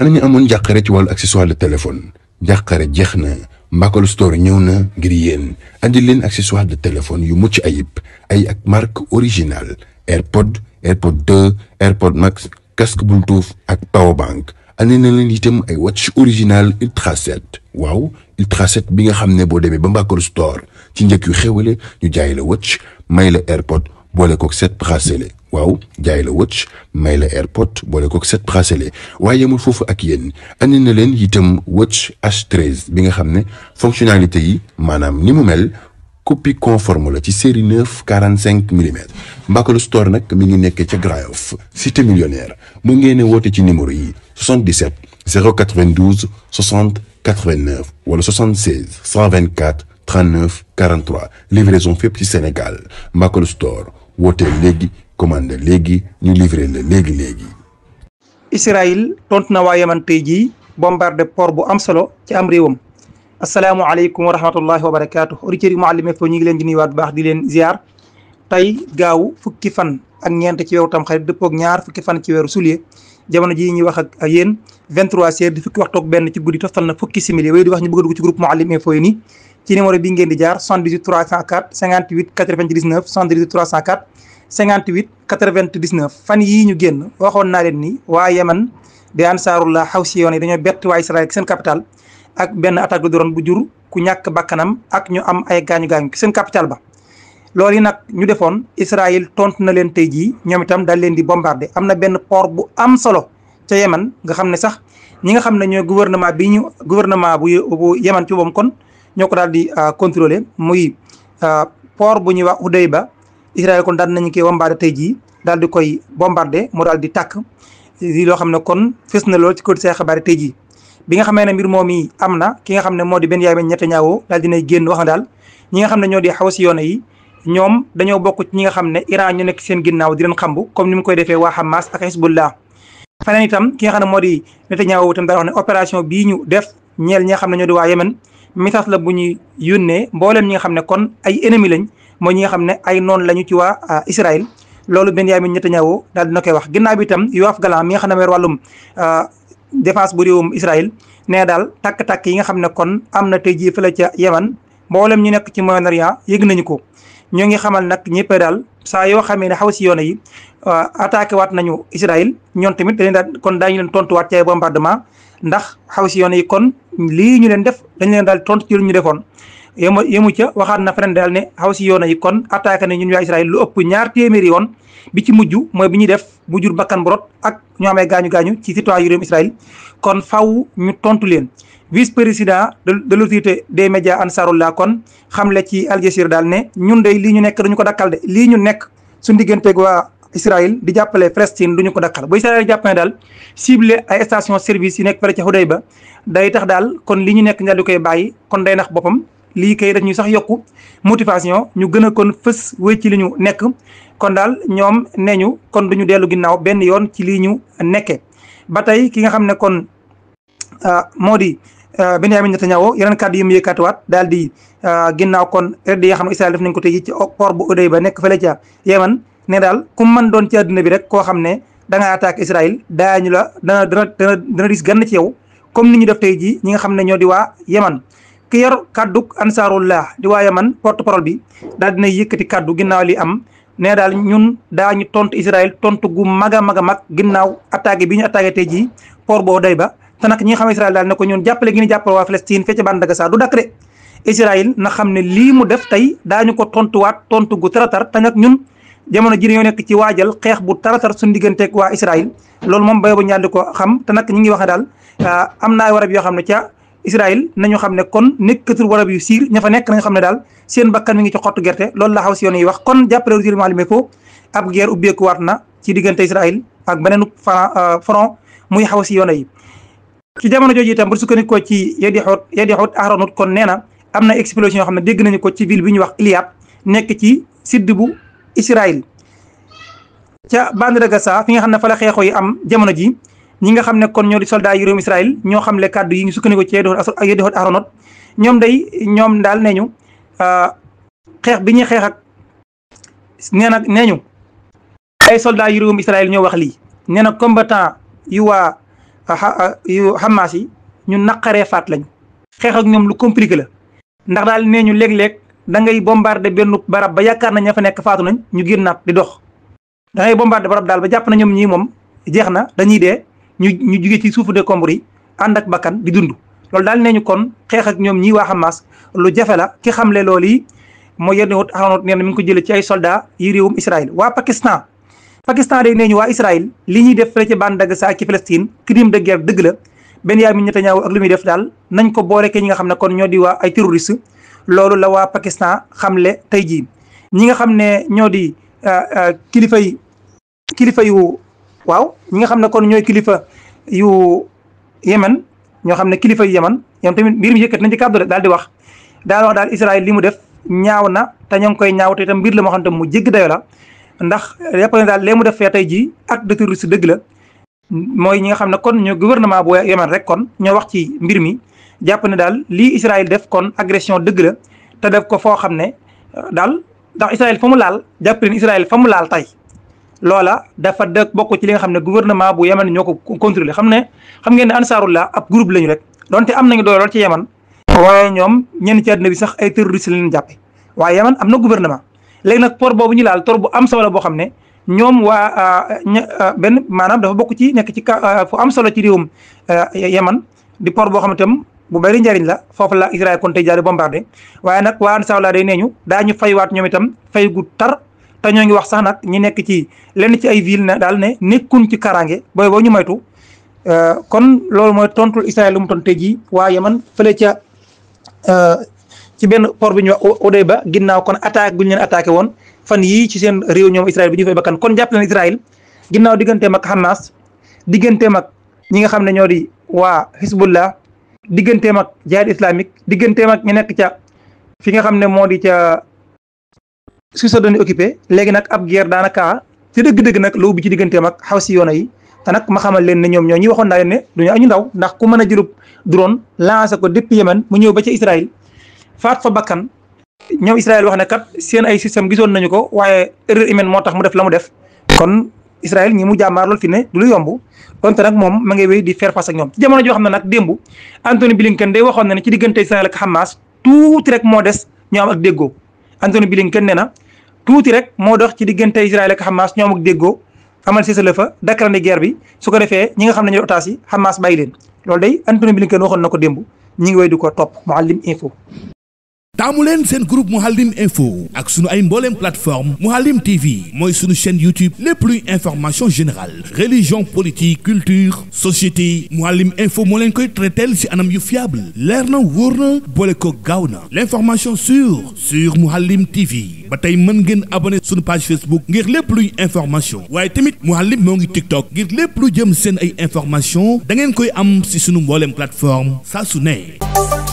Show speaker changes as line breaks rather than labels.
ana ñu amoon njàqare ci wàllu accessoire de téléphone njàqare jeex na Mbakol Store ñëw na ngir yéen andi leen accessoire de téléphone yu mucc ayib ay ak marque originale AirPod AirPod 2 AirPod Max casque Bluetooth ak powerbank andi na leen itam ay watch original Ultra 7 waaw Ultra bi nga xam ne boo demee ba Mbakol Store ci njëkk yu xéwale ñu jaay la watch may la AirPod boole kook set bracelet waaw jaay la watch may la airpod boole kook set bracelet waaye yemul foofu ak yéen andi na leen itam watch H13 bi nga xam ne fonctionnalité yi maanaam ni mu mel copie conforme la ci série 9 45 millimètres Mbakalo store nag mi ngi nekk ca Grand Yoff cité millionnaire mu ngeen woote ci numéro yi 77 092 60 89 wala 76 124 39 43 livraison fépp ci Sénégal Mbakalo store wootee léegi commandé léegi ñu livré la léegi léegi.
Israël tontu na waa Yaman tey jii bombardé port bu am solo ci am réewam asalaamualeykum wa rahmatullahi wa barakaatu auditeurs yi Mouhalim FM ñu ngi leen di nuyuwaat bu baax di leen ziar tey gaaw fukki fan ak ñeent ci weeru Tamxarit dëppook ñaar fukki fan ci weeru Soulier. jamono ji ñuy wax ak yéen 23 heures di fukki waxtu benn ci guddi toftal na fukki simili waaye di wax ñu bëgg a ci groupe Mouhalim ci numéro bi ngeen di jaar 78 304 58 99 78 304 58 99 fan yii ñu génn waxoon naa leen ni waa Yemen di ansaarullah xawsi yoon yi dañoo bett waa Israël ak seen capital ak benn attaque de drone bu jur ku ñàkk bakkanam ak ñu am ay gaañu gaañu seen capital ba. loolu yi nag ñu defoon Israël tontu na leen tey jii ñoom itam daal leen di bombarde am na benn port bu am solo ca Yemen nga xam ne sax ñi nga xam ne ñooy gouvernement bi ñu gouvernement bu bu Yemen kon. ñoo ko daal di euh, contrôlé muy euh, port bu ñuy wax ba Israël kon daal nañu koy bombardé tey jii daal di koy bombardé moo daal di tàkk lii loo xam ne kon fës na lool ci côté say xabaar tey jii bi nga xamee ne mbir moom yi am na ki nga xam ne moo di Benyamin Netanyahu daal dinay génn wax daal ñi nga xam ne ñoo di xaw si yoon yi ñoom dañoo bokk ñi nga xam ne Iran ñu nekk seen ginnaaw di leen xambu comme ni mu koy defee waa Hamas ak Hezbollah feneen itam ki nga xam ne moo di Netanyahu itam daal wax ne opération bii ñu def ñeel ñee nga xam ne ñoo waa Yemen message la bu ñuy yónnee mbooleem ñi nga xam ne kon ay ennemi lañ mooy ñi nga xam ne ay noon lañu ci waa euh, Israël loolu Benyamin Netanyahu daal dina koy wax ginnaaw bi itam Yoav Gallant mi nga xam ne weer wàllum euh, défense bu réewum Israël nee daal takk-takk yi nga xam ne kon am na tey jii fële ca Yemen mboolem ñu nekk ci Moyen-Orient yëg nañu ko ñoo ngi xamal nag ñëpp daal saa yoo xamee ne xaw si yoon yi euh, attaqué waat nañu Israël ñoon tamit dañu daal kon daañu leen tontuwaat ci ay bombardement ndax xaw si yoon yi kon lii ñu leen def dañ leen daal tont ci lu ñu defoon yemu yemu ca waxaat na feneen daal ne xaw si yoon yi kon attaqué na ñun waa Israël lu ëpp ñaar téeméeri yoon bi ci mujju mooy bi ñuy def bu jur bakkan bu ak ñu amee gaañu gaañu ci citoyen yu réewum Israël kon faw ñu tontu leen. vice président de l'autorité des médias Ansarullah kon xam xamle ci Al daal ne ñun de lii ñu nekk dañu ko dakkal de lii ñu nekk suñu digganteeg Israël di jàppale Palestine du ñu ko dakkal bu Israël jàppale daal ciblé ay station service yi nekk fële ca Hudayba day tax daal kon li ñu nekk daal di koy bàyyi kon day nax boppam lii kay daf ñu sax yokku motivation ñu gën a kon fës wéy ci li ñu nekk kon daal ñoom nee ñu kon du ñu dellu ginnaaw benn yoon ci lii ñu nekke ba tey ki nga xam ne kon ah, moo di ah, Benjamin Netanyahu yeneen kàddu yi mu waat daal di ah, ginnaaw kon redd yi nga xam ne Israël def nañ ko tey ci port bu ba nekk fële ca Yemen ne daal ku man doon ci àdduna bi rek koo xam ne da nga attaque Israël daañu la dana dana dana dana dis gann ci yow comme ni ñu def tey jii ñi nga xam ne ñoo di waa Yemen ki yor kàdduk ansaarullah di waa Yemen porte parole bi daal dina yëkkati kàddu ginnaaw li am ne daal ñun daañu tontu Israël tontu gu mag a mag a ginnaaw attaque bi ñu attaqué tey jii port boo day ba te ñi nga xam Israël daal ne ko ñun jàppale gi ñu jàppale waa Palestine fee ca na xam ne lii mu def tey daañu ko tontuwaat tontu gu taratar te nag ñun jamono ji ñoo nekk ci waajal xeex bu taratar suñu digganteeg waa Israël lool moom béyobu ñaar di ko xam te nag ñi ngi wax ne daal ah, am na ay warab yoo xam ne ca Israël nañu xam ne kon nekkatul warab yu siir ña fa nekk nañu xam ne daal seen bakkan mi ngi ci xottu gerte loolu la yoon yi wax kon jàppale jur maalime ko ab guerre ubbeeku waat na ci diggante Israël ak beneen ah, front muy xaw si yoon yi ci jamono jooju itam bu sukkandikoo ci yedi xoot yedi xoot aaronut kon nee na am na explosion yoo xam ne dégg nañu ko ci ville bi ñu wax Iliab nekk ci sud bu Israël ca bande de Gaza fi nga xam ne fa la xeexoo yi am jamono ji ñi nga xam ne kon ñoo di soldat yi réewum Israël ñoo xam le kàddu yi ñu sukkandiku ci doon aso yéen doon aronot ñoom day ñoom daal nee ñu ah, xeex bi ñuy xeex ak nee na nee ñu ay soldats yu réewum Israël ñoo wax lii nee na combattant yu waa ah, ah, yu Hamas yi ñu naqare faat lañ xeex ñoom lu compliqué la ndax daal nee ñu léeg-léeg da ngay bombardé benn barab ba yaakaar nañ ña fa nekk faatu nañ ñu génnaat di dox da ngay bombardé barab daal ba jàpp na ñoom ñii moom jeex na dañuy de ñu ñu jugee ci suufu décombres yi ànd ak bakkan di dund loolu daal nee ñu kon xeex ak ñoom ñi waa Hamas lu jafe la ki leen lool yi mooy yenn wut xawoon nee na mi ngi ko jëlee ci ay soldats yi réewum Israël waa Pakistan. Pakistan day nee ñu waa Israël li ñuy def fële ci bande de Gaza ak ci Palestine crime de guerre dëgg la Benyamin Netanyahu ak lu muy def daal nañ ko boole ke ñi nga xam ne kon ñoo di waa ay terroristes loolu la waa Pakistan xamle tey jii ñi nga xam ne ñoo di euh, euh, kilifa yi kilifa yu waaw ñi nga xam ne kon ñooy kilifa yu Yemen ñoo xam ne kilifa yu Yemen ñoom tamit mbir mi yëkkat nañ ci kàddu daal di wax daal wax daal Israël li mu def ñaaw na te ñoo ngi koy ñaaw te mbir la moo xam ne mu jégg dayo la ndax yàpp ne daal lee mu def fee tey jii acte de terrorisme dëgg la mooy ñi nga xam ne kon ñoo gouvernement bu Yemen rek kon ñoo wax ci mbir mi jàpp ne daal lii Israël def kon agression dëgg la te def ko foo xam ne euh, daal ndax Israël fa mu laal jàpp leen Israël fa mu laal tey loola dafa dëkk bokk ci li nga xam ne gouvernement bu Yemen ñoo ko contrôlé xam ne xam ngeen ne Ansaarullah ab groupe lañu rek donte am nañu doole ci Yemen ñoom ñenn ci àddina bi sax ay terroriste lañu jàppe waaye Yemen am na gouvernement léegi nag port boobu ñu laal tor bu am solo boo xam ne ñoom waa euh, euh, benn maanaam dafa bokk ci nekk ci fu am solo ci réewum Yemen di port boo xam ne tam bu bari njariñ la foofu la Israël kon tey jaari bombardé waaye nag waa Ansaarullah day nee ñu daañu faywaat ñoom itam fay gu tar te ñoo ngi wax sax nag ñi nekk ci lenn ci ay ville ne daal ne nekkuñ ci karange booy boo ñu moytu euh, kon loolu mooy tontu Israël lu mu tonte ji waa Yaman fële ca euh, ci benn port bi ñu wax Odeba ginnaaw kon attaque guñ leen attaqué woon fan yii ci seen réew ñoom Israël bi ñu fay bakkan kon jàpp leen Israël ginnaaw digganteem ak diggant digganteem ñi nga xam ne ñoo di waa Hizbullah digganteem ak jihaad islamique digganteem ak ñu nekk ca fi nga xam ne moo di ca Cisjordanie occupé léegi nag ab guerre daanaka ci dëgg-dëgg nag lu ubbi ci digganteem xaw si yoona yi te nag ma xamal leen ne ñoom ñoo ñuy waxoon naa leen ne duñu añu ndaw ndax ku mën a jëlub drone lancé ko dépp Yemen mu ñëw ba ca Israël faat fa bakkan ñoom Israël wax ne kat seen ay système gisoon nañu ko waaye erreur humaine moo tax mu def la mu def kon Israël ñi mu jàmmaar lool fi ne du lu yomb donte nag moom ma ngay wéy di faire face ak ñoom ci jamono joo xam ne nag démb Anthony Blinken day waxoon na ne ci diggante tuuti rek moo des ñoom am ak déggoo Anthony Blinken nee na tuuti rek moo dox ci diggante Israël ak Hamas ñoo am ak déggoo amal cessez-le-feu su ko defee ñi nga xam ne ñooy otages yi Hamas bay leen loolu day Anthony Blinken waxoon na ko démb ñi ngi wéy di ko topp Mouhalim Info taamu leen seen groupe Mouhalim Info ak sunu ay mbooleem
plateforme Mouhalim TV mooy sunu chaîne YouTube lépp luy information générale religion politique culture société Mouhalim Info moo leen koy traiteel ci anam yu fiable leer na wóor na boole ko gaaw na l'information sur sur Mouhalim TV ba tey mën ngeen abonné sunu page Facebook ngir lépp luy information waaye tamit Mouhalim moo ngi TikTok ngir lépp lu jëm seen ay information da ngeen koy am ci sunu mbooleem plateforme saa su ne